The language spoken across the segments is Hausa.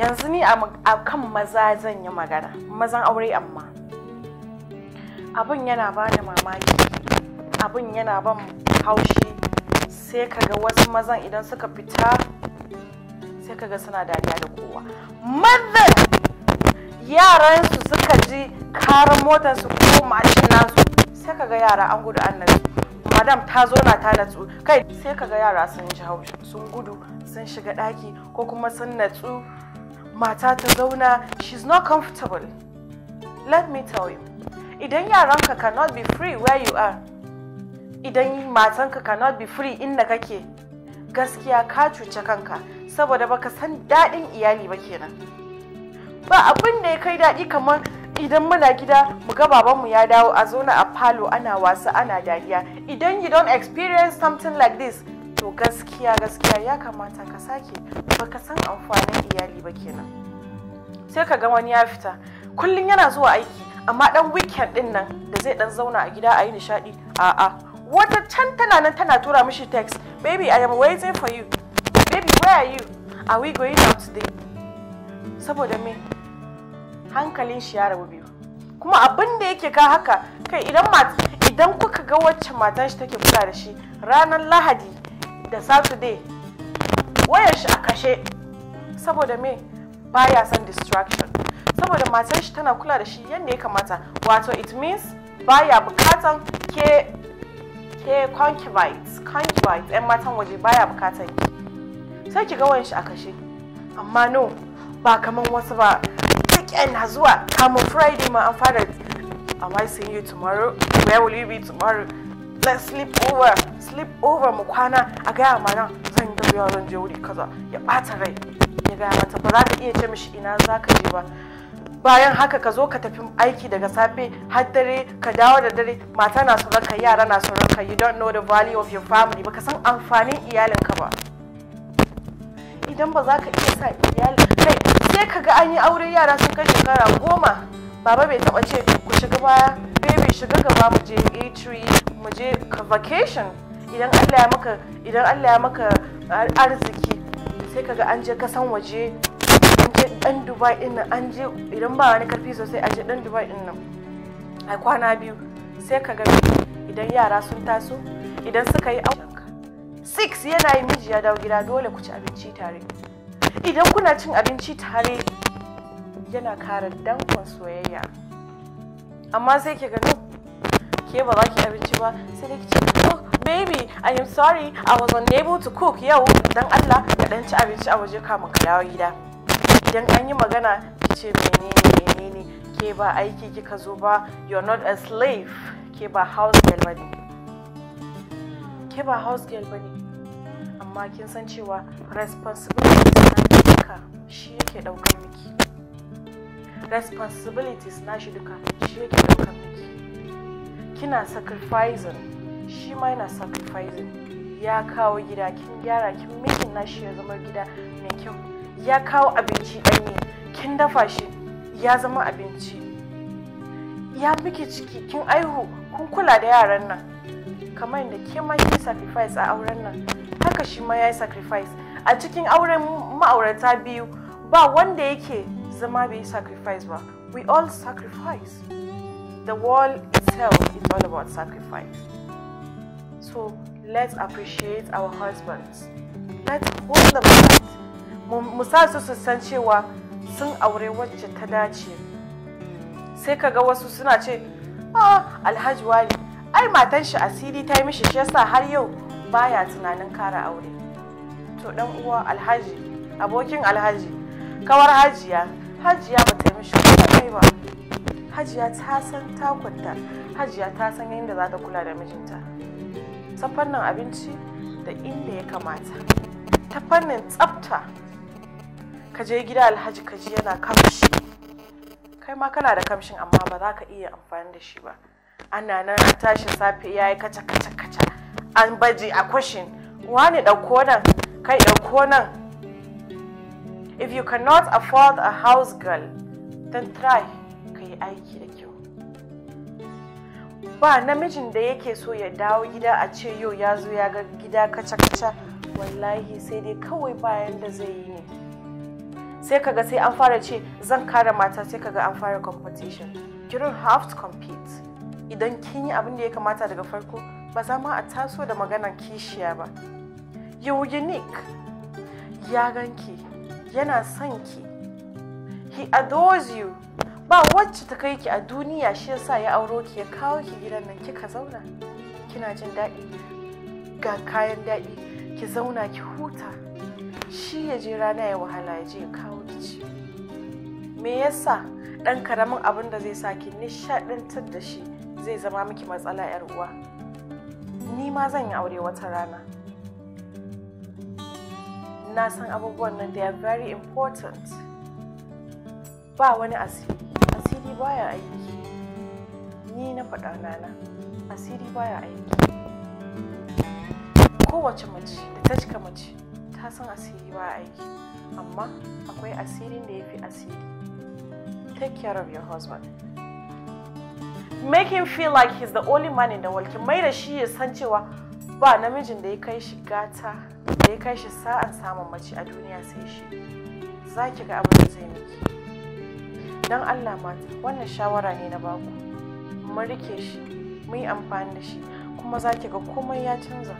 yanzu ni a kan maza zan yi magana mazan aure amma abin yana ba da mamaki abin yana ban haushi sai kaga wasu mazan idan suka fita sai kaga suna dariya da kowa mazan yaransu suka ji karar motarsu ko mashin nasu sai kaga yara an gudu an madam ta zo na ta natsu kai sai kaga yara sun ji haushi sun gudu sun shiga daki ko kuma sun natsu mata ta zauna she's not comfortable let me tell you idan yaranka cannot be free where you are idan matanka cannot be free inda kake gaskiya ka cuce kanka saboda baka san daɗin iyali ba kenan ba abin da ya kai daɗi kamar idan muna gida mu ga babanmu ya dawo a zona a falo ana wasa ana dariya idan you don't experience something like this to gaskiya gaskiya ya kamata ka sake baka san amfanin iyali ba kenan sai ka ga wani ya fita kullum yana zuwa aiki amma dan weekend din nan da zai dan zauna a gida a yi nishadi a'a wata can tana nan tana tura mishi text baby i am waiting for you baby where are you are we going out today saboda me hankalin shi ya rabu biyu kuma abin da yake ka haka kai idan idan kuka ga wacce matan shi take kula da shi ranar lahadi da saturday wayar shi a kashe saboda me baya son distraction saboda matar shi tana kula da shi yadda ya kamata wato it means baya bukatan ke ke concubines concubines yan matan waje baya bukatan ki sai ki ga wayan shi a kashe amma no ba kaman wasu ba weekend na zuwa kamun friday ma an fara am i seeing you tomorrow where will you be tomorrow mana sleep over slip over mu kwana a gaya mana zan yi tafiya zan je wuri kaza ya ɓata rai ya gaya mata ba za ka iya ce mishi ina za ka je ba bayan haka ka zo ka tafi aiki daga safe har dare ka dawo da dare mata na son ranka yara na son ranka you don't know the value of your family baka san amfanin ka ba idan ba za ka iya sa iyalin kai sai ka ga an yi aure yara sun kai shekara goma baba bai taba ce ku shiga baya shiga gaba mu je a3 mu je vacation idan Allah ya maka idan Allah ya maka arziki sai kaga an je kasan waje an je dan Dubai din nan an je idan ba wani karfi sosai a je dan Dubai din nan ai kwana biyu sai kaga idan yara sun taso idan suka yi six yana yi miji ya dawo gida dole ku ci abinci tare idan kuna cin abinci tare yana kara dankon soyayya amma sai ke ganin ke but za ki abinci ba sai ki baby i am sorry i was unable to cook yau dan Allah ka dan ci abinci a waje kama ka dawo gida idan an yi magana ki ce menene menene ke ba aiki kika zo ba you're not a slave ke ba house girl bane ke ba house girl bane amma kin san cewa responsibilities na duka shi yake daukar miki responsibilities na shi duka shi yake daukar miki kina sacrificing shi ma yana sacrificing ya kawo gida kin gyara kin na nashi ya zama gida mai kyau ya kawo abinci ɗanye kin dafa shi ya zama abinci ya miki ciki kin aihu kun kula da yaran nan kamar da ke ma sacrifice a auren nan haka shi ma ya yi sacrifice a cikin auren ma'aurata biyu ba wanda yake zama bai sacrifice ba we all sacrifice the world tell is all about sacrifice. So let's appreciate our husbands. Let's hold them tight. Musa su su san cewa sun aure wacce ta dace. Sai kaga wasu suna ce, "Ah, Alhaji Wali, ai matan shi asiri ta yi mishi shi yasa har yau baya tunanin kara aure." To dan uwa Alhaji, abokin Alhaji, kawar Hajiya, Hajiya ba ta yi mishi kai ba. hajiya ta san takunta hajiya ta san yadda za ta kula da mijinta ta fannin abinci da inda ya kamata ta fannin tsafta ka je gida alhaji ka ji yana kamshi kai ma kana da kamshin amma ba za ka iya amfani da shi ba ana nan a tashi safe ya yi kaca kaca kaca an baje a kwashin wani ɗauko nan kai ɗauko nan if you cannot afford a house girl then try ka yi aiki da kyau ba namijin da yake so ya dawo gida a ce yau ya zo ya ga gida kaca-kaca wallahi sai dai kawai bayan da zai yi ne sai kaga sai an fara ce zan kare mata sai kaga an fara competition you don't have to compete idan kin yi abin da ya kamata daga farko ba za ma a taso da maganar kishiya ba you unique ya ganki yana son ki he adores you ba wacce ta kai ki a duniya shi yasa ya auro ki ya kawo ki gidan nan kika zauna kina jin daɗi ga kayan daɗi ki zauna ki huta shi ya je rana ya wahala ya je ya kawo ki ci me yasa ɗan karamin abin da zai sa ki nishaɗantar da shi zai zama miki matsala yar uwa ni ma zan yi aure wata rana na san abubuwan nan they are very important ba wani asiri baya aiki ni na faɗa nana asiri baya aiki kowace mace da ta cika mace ta san asiri baya aiki amma akwai asirin da ya fi asiri take care of your husband make him feel like he's the only man in the world mai da shi ya san cewa ba namijin da ya kai shi gata da ya kai shi sa'an samun mace a duniya sai shi za ki ga abin da zai miki don allah mata wannan shawara ne na baku mu rike shi mu yi amfani da shi kuma za ki ga komai ya canza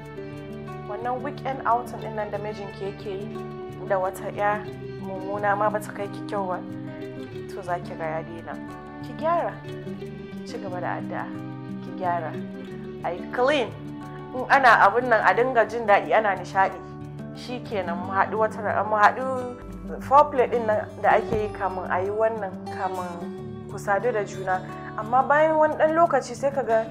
wannan weekend outing din nan da mijinki yake yi da wata ya mummuna ma ba ta kai ki kyau ba to za ki ga ya daina ki gyara ki ci gaba da addu'a ki gyara ai clean in ana abun nan a dinga jin daɗi ana nishaɗi shi kenan mu haɗu wata mu haɗu foreplay din nan da ake yi kamun a yi wannan kamun ku sadu da juna amma bayan wani ɗan lokaci sai ka ga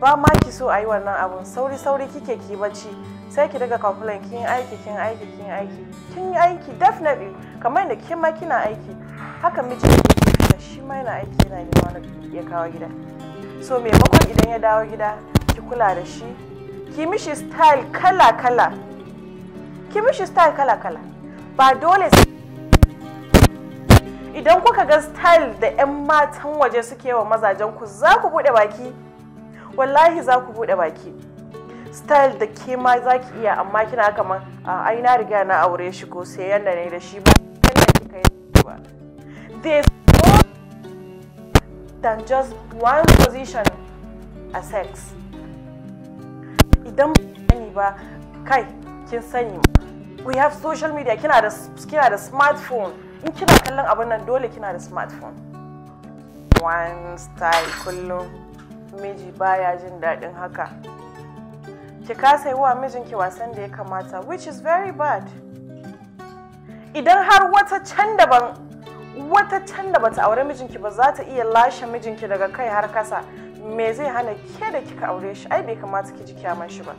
ba ma ki so a yi wannan abun sauri sauri kike ki bacci sai ki daga complain kin aiki kin aiki kin aiki kin yi aiki definitely kamar da kin ma kina aiki haka miji shi ma yana aiki yana nema wani ya kawo gida so maimakon idan ya dawo gida ki kula da shi ki mishi style kala kala ki mishi style kala kala ba dole idan kuka ga style da 'yan matan waje suke wa mazajen ku za ku bude baki wallahi za ku bude baki style da ke ma za ki iya amma kina kamar A aina riga na aure shi ko sai yanda ne da shi ba yanda kika yi ba there's more than just one position a sex idan ba kai kin sani we have social media kina da kina da smartphone in kina kallon abun nan dole kina da smartphone one style kullum miji baya jin daɗin haka ki kasa yi wa mijinki wasan da ya kamata which is very bad idan har wata can daban wata can da bata aure mijinki ba za ta iya lashe mijinki daga kai har kasa me zai hana ke da kika aure shi ai bai kamata ki ji kyaman shi ba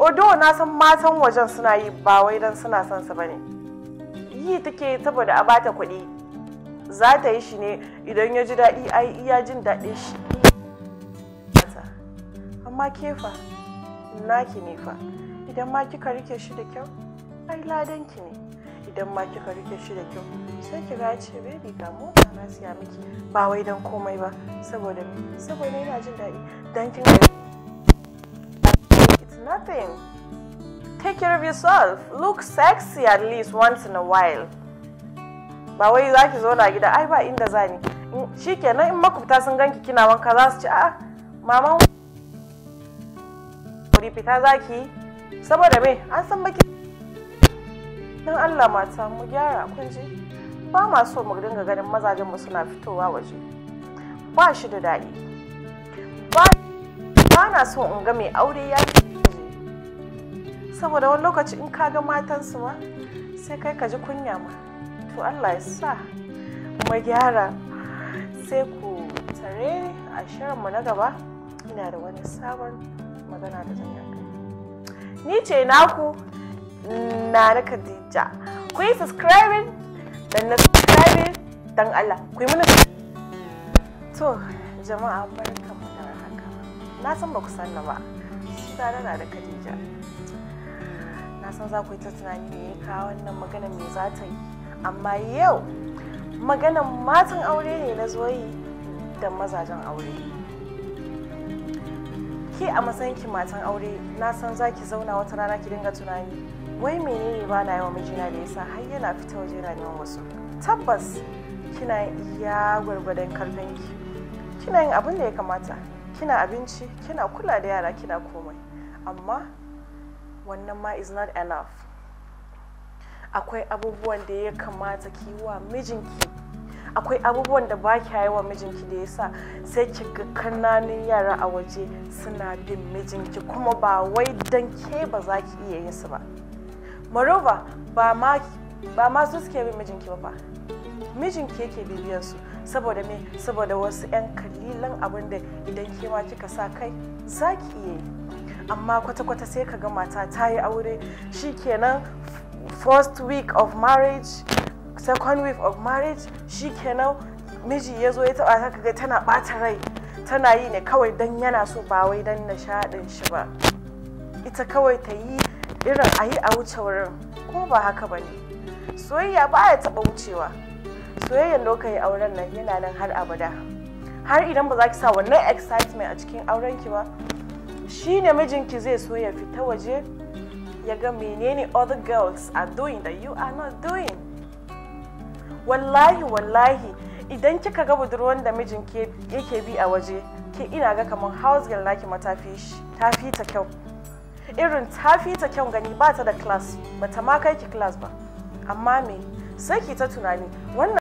odo na san matan wajen suna yi ba wai don suna son su bane yi take saboda a bata kuɗi za ta yi shi ne idan ya ji daɗi ai iya jin daɗin shi amma kefa ki ne fa idan ma kika rike shi da kyau ai ladan ki ne idan ma kika rike shi da kyau sai ki gace baby ga mu na siya miki ba wai don komai ba saboda saboda yana jin daɗi dan kin Nothing. Take care of yourself. Look sexy at least once in a while. Ba wai za ki na gida ai ba inda za ni. Shi kenan in makwabta sun ganki kina wanka za su ci ah, maman wuri fita za ki yi. Saboda me an san baki. Don Allah mata mu gyara kun ji. Ba ma so mu dinga ganin mazajenmu suna fitowa waje. Ba shi da daɗi. Ba na so in ga mai aure ya saboda wani lokaci in ka ga matansu ma sai kai ka ji kunya ma to allah ya sa mu gyara sai ku tare a shirinmu na gaba ina da wani sabon magana da zan yi ni ce naku na na Khadija ku yi subscribing dan na subscribing dan Allah ku yi mana to jama'a barkamu da haka na san ba ku sanna ba da na da Khadija na san za ku yi ta tunani me ya kawo wannan magana me za ta yi amma yau maganan matan aure ne na zoyi da mazajen aure Ki a matsayin ki matan aure na san za ki zauna wata rana ki dinga tunani wai menene ba na yawan mijina da yasa har yana fita waje na neman wasu tabbas kina iya gwargwadon karfinki kina yin abin da ya kamata kina abinci kina kula da yara kina komai amma wannan ma is not enough akwai abubuwan da ya kamata ki wa mijinki akwai abubuwan da ba ki wa mijinki da yasa sai ki ga kananun yara a waje suna bin mijinki kuma ba wai don ke ba za ki iya yin su ba moreover ba ma su suke bin mijinki ba ba mijinki yake bibiyan su saboda me saboda wasu 'yan kalilan abin da idan ke kika sa kai za ki iya yi amma kwata-kwata sai ka ga mata ta yi aure shi kenan first week of marriage second week of marriage shi kenan miji ya zo ya taba ka ga tana ɓata rai tana yi ne kawai don yana so ba wai don nishaɗin shi ba ita kawai ta yi irin a yi a wuce wurin ko ba haka ba ne soyayya ba ya taɓa wucewa soyayyan da yi auren nan yana nan har abada har idan ba za ki sa wannan excitement a cikin auren ki ba shi ne mijinki zai so ya fita waje ya ga menene other girls are doing that you are not doing wallahi wallahi idan kika ga budurwan da mijin yake bi a waje ke ina ga kamar house girl naki ma ta fi ta kyau irin ta fi ta kyau gani ba ta da class ba ta ma kai ki class ba amma me sai ki ta tunani wannan